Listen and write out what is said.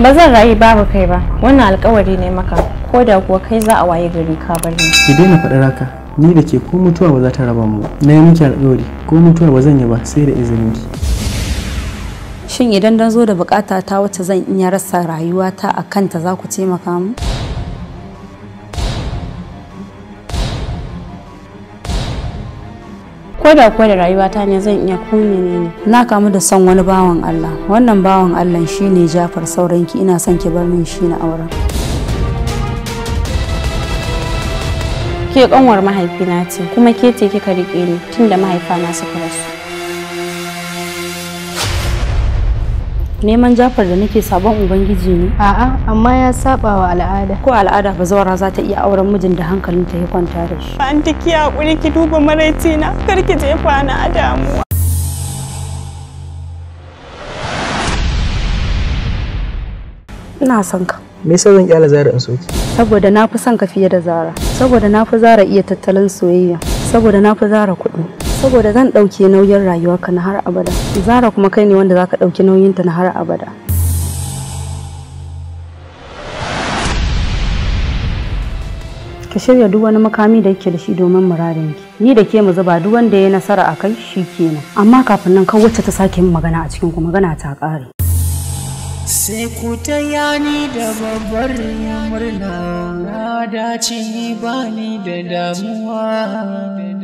ba zan rayu babu kai ba wannan alkawari ne maka ko da kuwa kai za a waye gari ka bar ni ki daina faɗi raka ni da ke ko mutuwa ba za ta raba mu na yi miki alkawari ko mutuwa ba zan yi ba sai da izinin shin idan dan zo da bukata ta wacce zan iya rasa rayuwata a kanta za ku taimaka mu ko da kuwa da rayuwa ta ne zan iya ko ne. na kamu da son wani bawan Allah wannan bawan Allah shine Jafar sauranki ina son ki bar min shi na auren ke kanwar mahaifina ce kuma ke ce kika rike ni tunda mahaifa na suka rasu neman jafar da nake sabon ubangiji ne a'a amma ya saba wa al'ada ko al'ada ba zawara za ta iya auren mijin da hankalin ta ya kwanta da shi an ta kiya hakuri ki duba maraici na kar ki je kwana a damuwa ina son ka me yasa zan kyala zara in soki saboda na fi son ka fiye da zara saboda na fi zara iya tattalin soyayya saboda na fi zara kuɗi saboda zan ɗauke nauyin rayuwarka na har abada zara kuma kai ne wanda zaka ɗauki nauyinta na har abada ka shirya duk wani makami da yake da shi domin muradin ki ni da ke mu zuba duk wanda ya nasara a kai shi kenan amma kafin nan kawai wacce ta sake min magana a cikin ku magana ta ƙare sai ku ta yani da babbar murna na dace ba ni da damuwa